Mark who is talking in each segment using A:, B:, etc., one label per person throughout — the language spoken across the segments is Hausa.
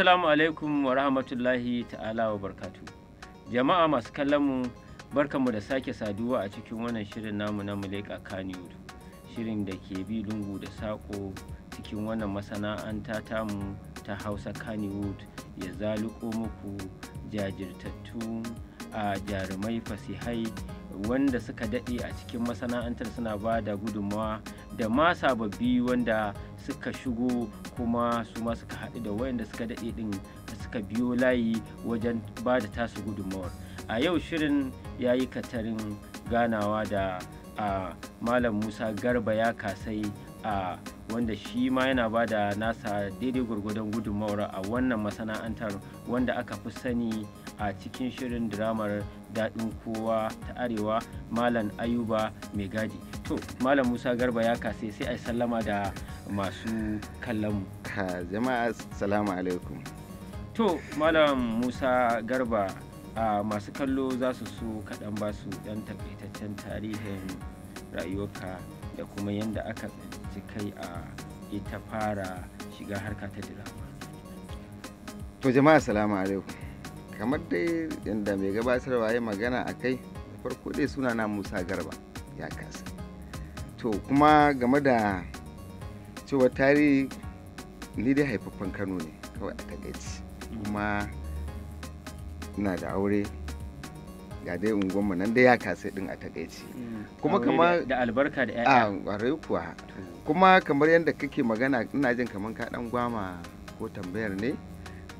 A: Assalamu alaikum wa rahmatullahi ta'ala wa barkatu. Jama'a masu kallonmu barkanmu da sake saduwa a cikin wannan shirin namu na Muleka Kaniyud. Shirin da ke bi lungu da saƙo cikin wannan masana'anta mu ta Hausa Kannywood ya zaluko muku jajirtattu a jarumai fasihai wanda suka daɗe a cikin masana'antar suna ba da gudunmawa da ma sababbi wanda suka shigo kuma su ma suka haɗu da wayanda suka daɗe ɗin suka biyo layi wajen ba da tasu gudunmawar a yau shirin ya yi katarin ganawa da a malam musa garba ya kasai a wanda shi ma yana ba da nasa daidai gwargwadon gudunmawar a wannan masana'antar wanda aka fi sani a cikin shirin dramar. daɗin kowa ta arewa malam ayuba mai gadi to malam musa garba ya kase sai a sallama da masu kallon mu jama'a salamu alaikum to malam musa garba a masu kallo za su so kaɗan ba su ɗan takaitaccen tarihin rayuwarka da kuma yadda aka tsinci kai a ita fara shiga harka ta dirama
B: to jama'a salamu alaikum kamar dai yadda mai
A: gabatarwa ya
B: magana a kai farko dai suna na musa garba ya kasa to kuma game da cewa tarihi ni dai haifafan kano ne kawai a takaici kuma ina da aure ga dai unguwanmu nan dai ya kasa din a takaici kuma kama da
A: albarka da
B: ya'ya kuwa kuma kamar yadda kake magana ina jin kamar ka dan gwama ko tambayar ne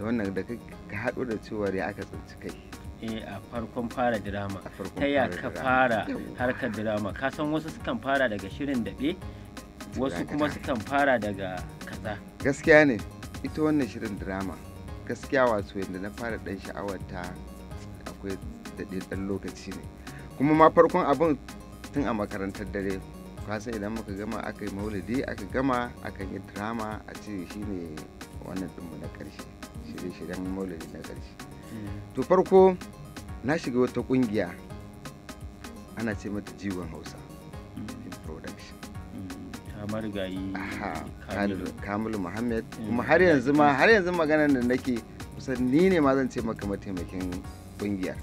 B: da wannan da ka haɗu da cewa ya aka tsinci kai
A: eh, a farkon fara dirama ta ya ka fara harkar dirama ka san wasu sukan fara daga shirin daɓe wasu kuma sukan fara daga kaza
B: gaskiya ne ita wannan shirin dirama gaskiya wato yadda na fara ɗan sha'awar ta akwai daɗaɗɗen lokaci ne kuma ma farkon abin tun a makarantar dare kwasa idan muka gama aka yi maulidi aka gama akan yi drama a ce shine wannan ɗinmu na ƙarshe shirye-shiryen maulidi na ƙarshe mm. to farko na shiga wata ƙungiya ana ce mata jiwon hausa mm. in production kamar mm. gayi kamilu muhammad kuma har yanzu ma har yanzu maganar da nake kusa ni ne ma zan ce maka mataimakin ƙungiyar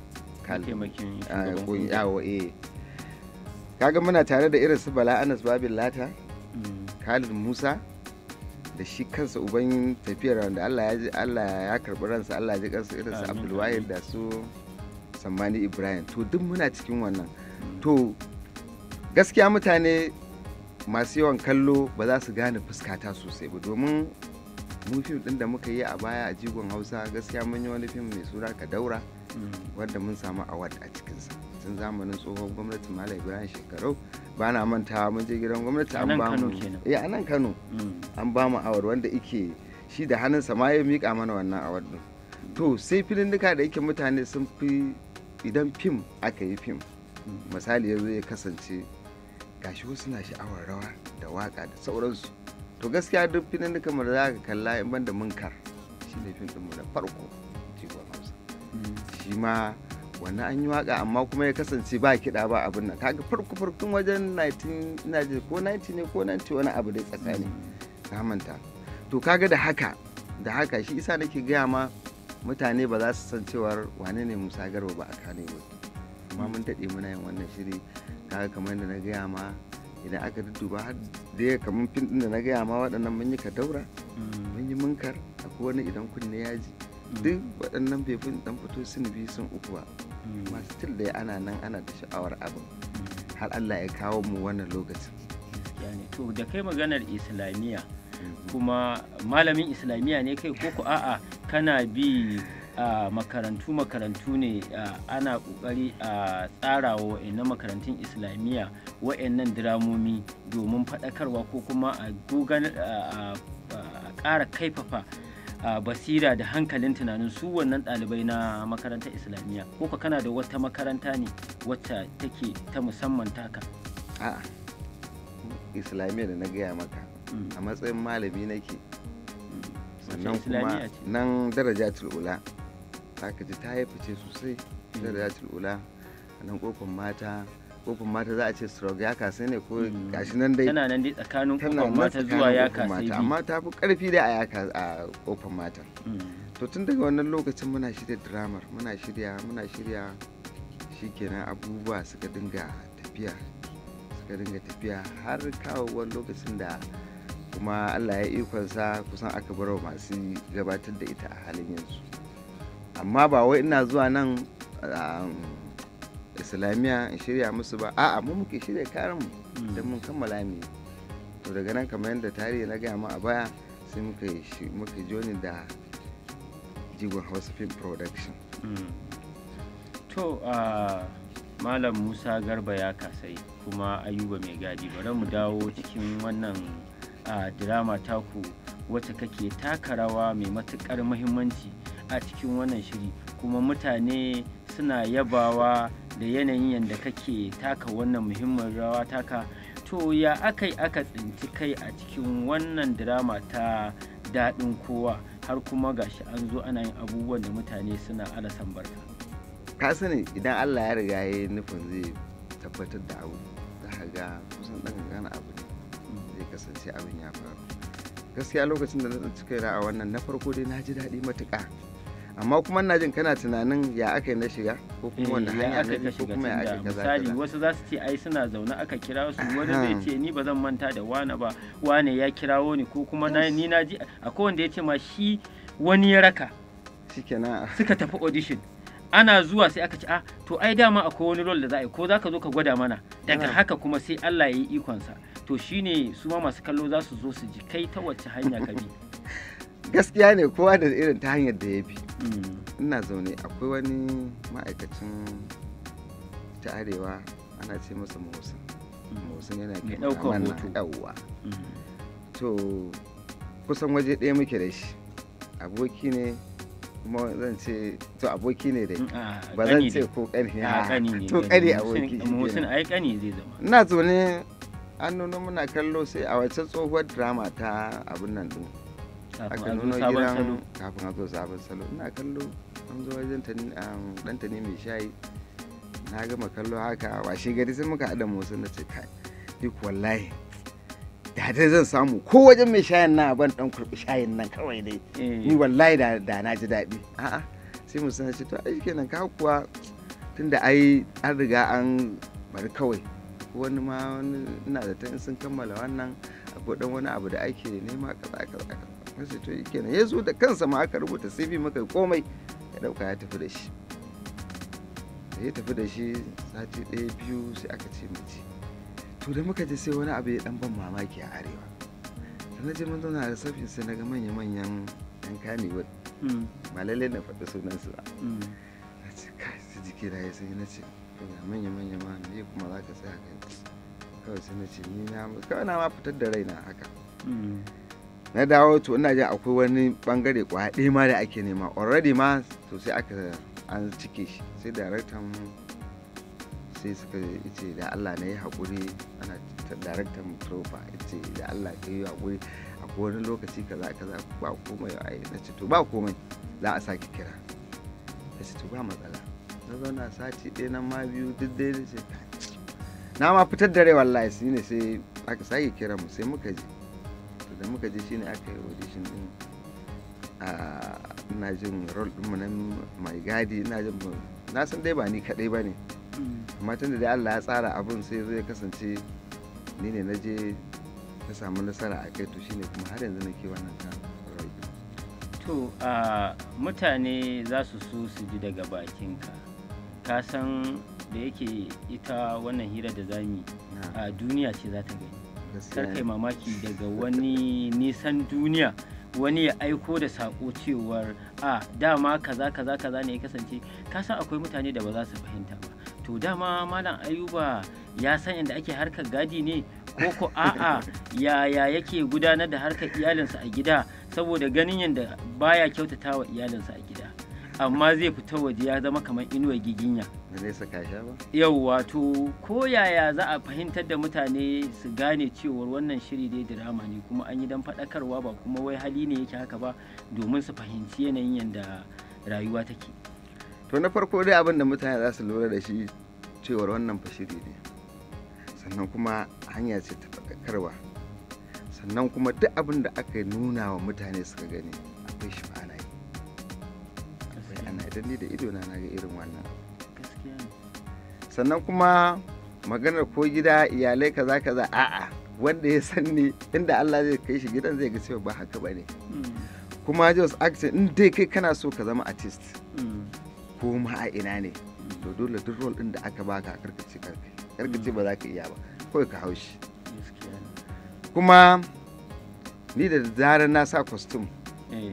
B: kamilu ah, eh. kaga muna tare da irin su bala anas babin lata khalid musa da shi kansa uban tafiyar wanda Allah ya ji karbi ransa Allah ya ji kansa irin su Abdul da su Sammani Ibrahim to duk muna cikin wannan to gaskiya mutane masu yawan kallo ba za su gane fuskata sosai ba domin mu fim din da muka yi a baya a jigon Hausa gaskiya mun yi wani fim mai sura daura mm. wanda mun samu award a cikinsa. tun zamanin tsohon gwamnati malam ibrahim shekarau ba na mantawa mun je gidan gwamnati eh, mm. an ba mu nan kano an ba mu awar wanda ike shi da hannunsa ma ya mika mana wannan awar din to sai filin duka da yake mutane sun fi idan fim aka yi fim mm. misali yanzu ya kasance gashi wasu na sha'awar rawa da waka da sauransu to gaskiya duk filin duka mu za ka kalla in ban da munkar shi ne fim din mu da farko jigon hausa mm. shi ma wannan an yi waka amma kuma ya kasance ba kiɗa ba abin nan kaga farko farkon wajen 19 ko 90 ne ko 90 wani abu dai tsakani ka mm. manta to kaga da haka da haka shi isa nake gaya ma mutane ba za su san cewar wane ne musa garba ba a kane ba amma mun daɗe muna yin wannan shiri kaga kamar yadda na gaya ma idan aka dudduba har da ya kamar fin din da na gaya ma waɗannan mun yi ka daura, mm. mun yi munkar akwai wani idan kunne yaji. Mm. duk waɗannan bai fi ɗan fito sun biyu sun uku ba amma mm. still dai ana nan ana ta sha'awar abin har Allah ya kawo mu wannan lokacin
A: to da kai maganar islamiyya mm. kuma malamin islamiyya ne kai ko a'a kana bi a makarantu makarantu ne ana kokari a tsarawa wa'annan makarantun islamiyya wa'annan diramomi domin faɗakarwa ko kuma a ƙara kaifafa basira da hankalin tunanin su wannan ɗalibai na makarantar islamiyya ko ka kana da wata makaranta ne wacce take ta musamman taka
B: a'a islamiyya da na gaya maka mm. a matsayin malami nake mm. sannan kuma nan daraja tul'ula za ka ji ta yi fice sosai mm. daraja a nan kofin mata kofin mata za a ce stroke ya kasa ne ko hmm. gashi nan dai tana
A: nan dai tsakanin kofin mata zuwa ya kasa biyu amma
B: ta fi karfi dai a ya a kofin mata hmm. to tun daga wannan lokacin muna shirya dramar muna shirya muna shirya shikenan abubuwa suka dinga tafiya suka dinga tafiya har kawowar lokacin da kuma Allah ya sa kusan aka bar wa masu gabatar da ita a halin yanzu amma ba wai ina zuwa nan um, islamiyya in shirya musu ba a'a mu muke shirya karin hmm. don mun kammala mu to daga nan kamar yadda tarihi na gaya mu a baya sai muka muka joni da jigon hausa film production hmm.
A: to ah, malam musa garba ya kasai kuma ayuba mai gadi bari mu dawo cikin wannan ah, dirama taku wacce kake taka rawa mai matukar muhimmanci a cikin wannan shiri kuma mutane suna yabawa da yanayin yadda kake taka wannan muhimmin rawa taka to ya aka yi aka tsinci kai a cikin wannan drama ta daɗin kowa har kuma gashi an zo ana yin abubuwan da mutane suna alasan barka
B: ka sani idan allah ya riga ya yi nufin zai tabbatar da abu da haga kusan ɗan gana abu ne zai kasance abin ya faru gaskiya lokacin da na tsinci kai a wannan na farko dai na ji
A: daɗi matuƙa
B: amma kuma na jin kana tunanin ya aka yi na shiga ko kuma wanda eh, hanya na ko kuma ya aka kaza misali
A: wasu za su ce ai suna zaune aka kira su wani zai ce ni ba zan manta da wane ba wane ya kirawo ni ko kuma ni na ji akwai wanda ya ce ma shi wani ya raka shikenan suka tafi audition ana zuwa sai aka ce ah to ai dama akwai wani rol da za a yi ko za ka zo ka gwada mana daga haka kuma sai Allah ya yi ikonsa to shine su ma masu kallo za su zo su ji kai ta wacce hanya ka bi
B: gaskiya ne kowa da irin ta hanyar da ya fi hmm. ina zaune akwai wani ma'aikacin ta arewa ana ce masa musan musan hmm. yana ke mana yawwa hmm. to kusan waje ɗaya muke da shi aboki ne kuma zan ce to aboki ne dai ah, ba zan ce ko ƙani ah, ah, to ƙani aboki musan ai ƙani zai zama ina zaune an nuna muna kallo sai a wace tsohuwar drama ta abin nan din aka nuna gidan kafin a zo sabon salo ina kallo an zo wajen danta um, ne mai shayi na gama kallo haka washe gari sai muka haɗa motsi na ce kai duk wallahi da dai zan samu ko wajen mai shayin na ban dan kurbi shayin nan kawai dai eh. ni wallahi da da na ji daɗi a'a sai mu sanar to ai kenan ka kuwa tunda ai an riga an bari kawai wani ma wani ina da ta sun kammala wannan akwai dan wani abu da ake nema kaza kaza kaza ya ce to kenan ya zo da kansa ma aka rubuta cv maka komai ya dauka ya tafi da shi da ya tafi da shi sati ɗaya biyu sai aka ce mace to da muka je sai wani abu ya dan ban mamaki a arewa da na je mun zauna da safin sai na ga manya-manyan yan kanewa hmm. ba lallai na faɗi sunansu ba hmm. na ce kai su jiki na ya sai na ce ga manya-manya ma ne kuma za ka tsaya kai kawai sai na ce ni na kawai na ma fitar da raina haka hmm. na dawo to ina jin akwai wani bangare kwaya ɗaya ma da ake nema already ma to sai aka an cike shi sai daraktan sai suka ce da allah na yi haƙuri ana daraktan profa ce da allah ka yi haƙuri akwai wani lokaci kaza kaza ba komai yi na to ba komai za a sake kira na ce to ba matsala na zauna sati ɗaya nan ma biyu duk dai na ce na ma fitar da rai wallahi ne sai aka sake kira mu sai muka je da muka je shine aka yi audition din a ina jin rol ɗinmu na mai gadi ina jin na san dai ba ni kadai ba ne mm. amma tun da Allah ya tsara abun sai zai kasance ni ne na je na samu nasara a kai to shine kuma har yanzu nake wannan kan
A: to mutane za su so su ji daga bakinka ka san da yake ita wannan hira da zami a duniya ce za ta gani kar mamaki daga wani nisan duniya wani ya aiko da sako cewar a dama kaza kaza kaza ne ya kasance kasan akwai mutane da ba za su fahimta ba to dama malam ayuba ya san inda ake harkar gadi ne ko ko a'a yaya yake gudanar da harkar iyalinsa a gida saboda ganin yadda baya kyautata wa iyalinsa a gida amma zai fita waje ya zama kamar inuwar giginya da nesa kasha ba yauwa to ko yaya za a fahimtar da mutane su gane cewar wannan shiri dai drama ne kuma an yi dan faɗakarwa ba kuma wai hali ne yake haka ba domin su fahimci yanayin yadda rayuwa take
B: to na farko dai abin da mutane za su lura da shi cewar wannan fa shiri ne sannan kuma hanya ce ta faɗakarwa sannan kuma duk abin da aka nuna wa mutane suka gani akwai shi ba ana yi akwai ana idan ni da idona na ga irin wannan abu sannan kuma maganar ko gida iyalai kaza kaza a'a wanda ya san inda Allah zai kai shi gidan zai ga cewa ba haka bane hmm. kuma jos acting in dai kai kana so ka zama artist hmm. ko ma a ina ne hmm. to dole duk role din da aka baka karkace karkai karkace ba za ka iya ba kawai ka haushi kuma ni da zarar na sa costume eh.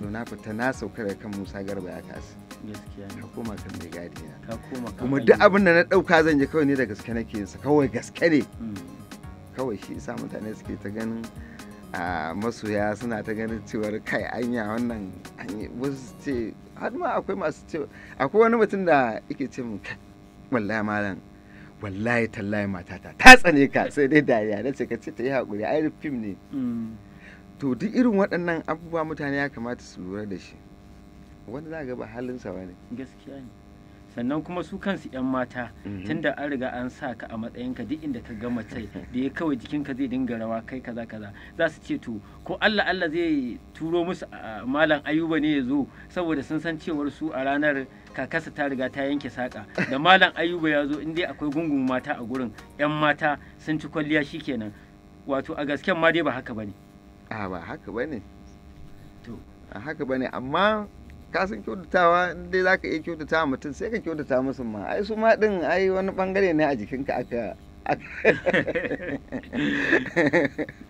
B: to na fita na sauka da kan Musa Garba ya kasu ka koma kan mai gadi na kuma duk abin da na dauka zan je kawai ne da gaske nake yin sa kawai gaske ne hmm. kawai shi isa mutane suke ta ganin a masoya suna ta ganin cewar kai anya wannan wasu ce har ma akwai masu ce akwai wani mutum da yake ce mun kai wallahi malam wallahi tallahi matata ta tsane ka sai dai dariya na ce ka ce ta yi haƙuri ai fim ne hmm. to duk irin waɗannan abubuwa mutane ya kamata su lura da shi
A: wanda za ga ba halinsa ba ne gaskiya ne sannan kuma su kansu 'yan mata mhm. tunda an riga an sa ka a matsayin ka duk inda ka ga mace da ya kawai jikinka zai dinga rawa kai kaza kaza za su ce to ko Allah Allah zai turo musu malam ayuba ne ya zo saboda sun san cewar su a ranar kakasa ta riga ta yanke saka da malam ayuba ya zo inda akwai gungun mata a gurin 'yan mata sun ci kwalliya shikenan wato a gasken ma dai ba haka bane
B: a ba haka bane to a haka bane amma ka san kyautatawa in za ka iya kyautata mutum sai ka kyautata musu ma ai su ma din ai wani bangare ne a jikinka aka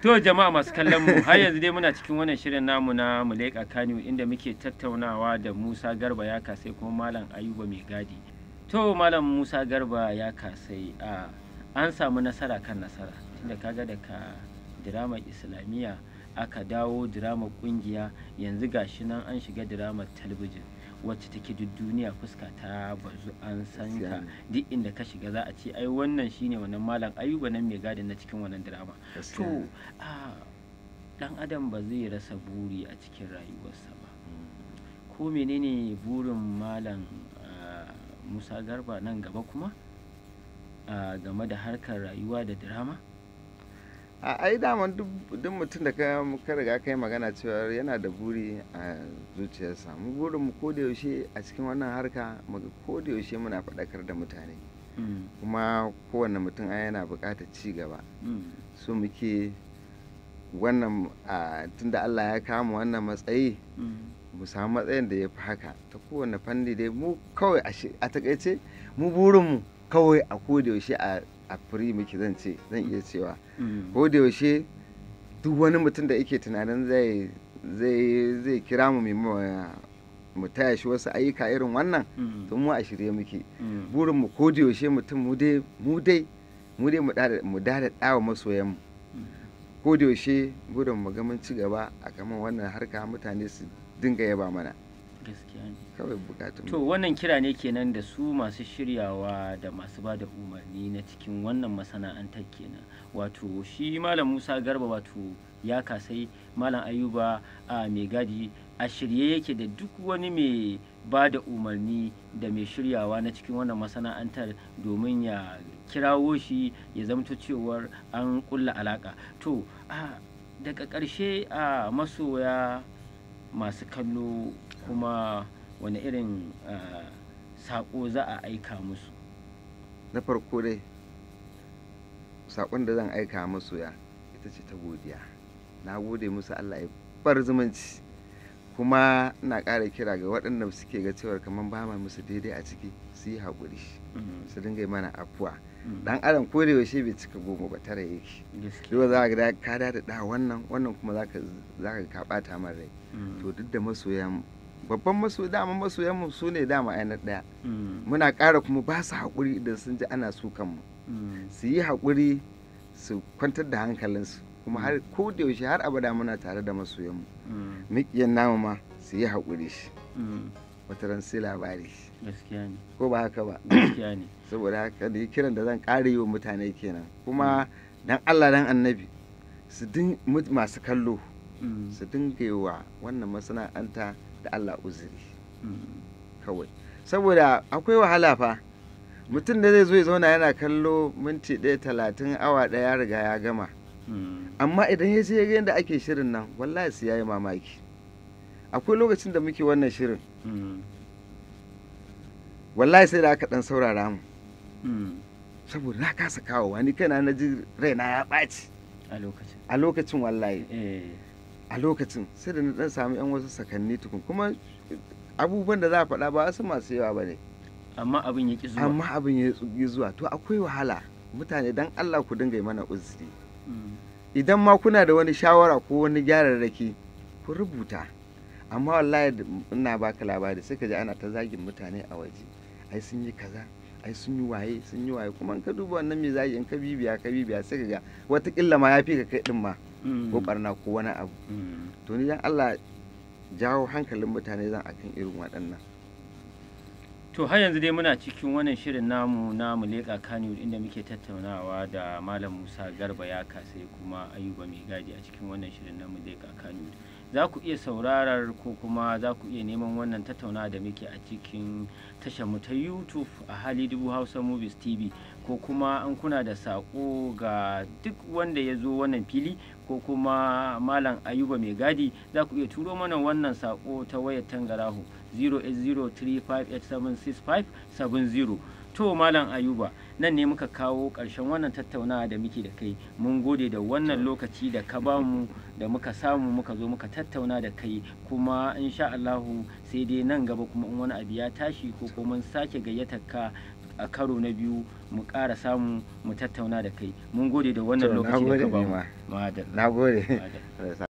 A: to jama'a masu kallon mu har yanzu dai muna cikin wannan shirin namu na Muleka Kano inda muke tattaunawa da Musa Garba ya kasai kuma Malam Ayuba mai gadi. To Malam Musa Garba ya kasai ah, an samu nasara kan nasara tunda kaga daga drama Islamiyya aka dawo diramar kungiya yanzu gashi nan an shiga diramar talabijin wacce take duk duniya fuska ta bazu an san ka duk inda ka shiga za a ce ai wannan shine wannan malam ayuba nan mai gadin na cikin wannan drama to dan adam ba zai rasa buri a cikin rayuwarsa ba mm. ko menene burin malam musa garba nan gaba kuma game da harkar rayuwa da drama a
B: ai dama duk mutum da ka riga ka yi magana cewa yana da buri a zuciyarsa mu burin mu ko da yaushe a cikin wannan harka mu ko da yaushe muna faɗakar da mutane mm. kuma kowane mutum ai yana buƙatar ci gaba mm. so muke wannan tunda Allah ya kama wannan matsayi mm. mu samu matsayin da ya fi haka ta kowane fanni dai mu kawai a takaice mu burin mu kawai a da yaushe a a firi miki zan ce zan iya cewa mm. ko da yaushe duk wani mutum da yake tunanin zai kira mu mu taya shi wasu ayyuka irin wannan mm. to mu a shirye muke mm. burin mu ko da yaushe mutum mu dai mu dai mu dai mu dada dawa masoyan mu ko da yaushe burin mu ga mun ci gaba a kaman wannan harka mutane su dinga yaba mana gaskiya to
A: wannan kira ne kenan da su masu shiryawa da masu ba da umarni na cikin wannan masana'antar kenan wato shi malam musa garba wato ya kasai malam ayuba a mai gadi a shirye yake da duk wani mai ba da umarni da mai shiryawa na cikin wannan masana'antar domin ya kirawo shi ya zamto cewar an kulla alaka to daga ƙarshe a masoya masu kallo kuma wani irin eh, saƙo za a aika musu
B: na farko dai saƙon da zan aika musu ya ita ce ta godiya na gode musu allah ya bar zumunci kuma na ƙara kira ga waɗanda suke ga cewar kamar ba mai musu daidai a ciki su yi haƙuri mm-hmm. su dinga yi mana afuwa mm-hmm. dan adam ko da yaushe bai cika goma ba tara yake yau za ka ka da da wannan wannan kuma za ka ka bata min rai mm-hmm. to duk da masoyan babban masu dama masoyan mu su ne dama ainihin ɗaya mm. muna kara kuma ba su haƙuri idan sun ji ana su kanmu. Mm. su yi haƙuri su kwantar da hankalinsu kuma har ko da yaushe har abada muna tare da masoyan mu mm. miƙiyan namu ma su yi haƙuri shi ran sai labari gaskiya ko ba haka ba saboda haka da kiran da zan ƙara yi wa mutane kenan kuma dan Allah dan annabi su din masu kallo Mm. su dinga wa wannan masana'anta da Allah uzuri mm. kawai saboda akwai wahala fa mutum da zai zo ya zauna yana kallo minti ɗaya talatin awa ɗaya riga ya gama mm. amma idan ya je yadda ake shirin nan wallahi su yayi mamaki akwai lokacin da muke wannan shirin wallahi sai da aka ɗan saurara mu saboda na kasa kawo wani kaina na ji raina ya ɓaci a lokacin wallahi eh. a lokacin sai da na dan sami yan wasu sakanni tukun kuma abubuwan da za a faɗa ba su masu yawa ba ne
A: amma abin ya ƙi zuwa amma
B: abin ya ƙi zuwa to akwai wahala mutane dan Allah ku dinga yi mana uzuri mm. idan ma kuna da wani shawara ko wani gyararraki ku rubuta amma wallahi ina baka labari sai ka ji ana ta zagin mutane a waje ai sun yi kaza ai sun yi waye sun yi waye kuma in ka duba wannan me zagi in ka bibiya ka bibiya sai ka ga watakila ma ya fi ka kai din ma ko mm. barna ko wani abu mm. to ni dan Allah jawo hankalin mutane zan akan irin waɗannan
A: to har yanzu dai muna cikin wannan shirin namu na muleka kanu inda muke tattaunawa da malam musa garba ya kasai kuma ayuba mai gadi a cikin wannan shirin na muleka kanu za ku iya saurarar ko kuma za ku iya neman wannan tattaunawa da muke a cikin tashar mu ta youtube a hali dubu hausa movies tv ko kuma an kuna da sako ga duk wanda ya zo wannan fili ko kuma malam ayuba mai gadi za ku iya turo mana wannan sako ta wayar tangarahu 08035876570 to malam ayuba nan ne muka kawo ƙarshen wannan tattaunawa da muke da kai mun gode da wannan lokaci da ka ba mu da muka samu muka zo muka tattauna da kai kuma insha Allahu sai dai nan gaba kuma in wani abu ya tashi ko kuma mun sake gayyatar ka a karo na biyu mu ƙara samu mu tattauna da kai mun gode da wannan lokaci da ka ba mu na gode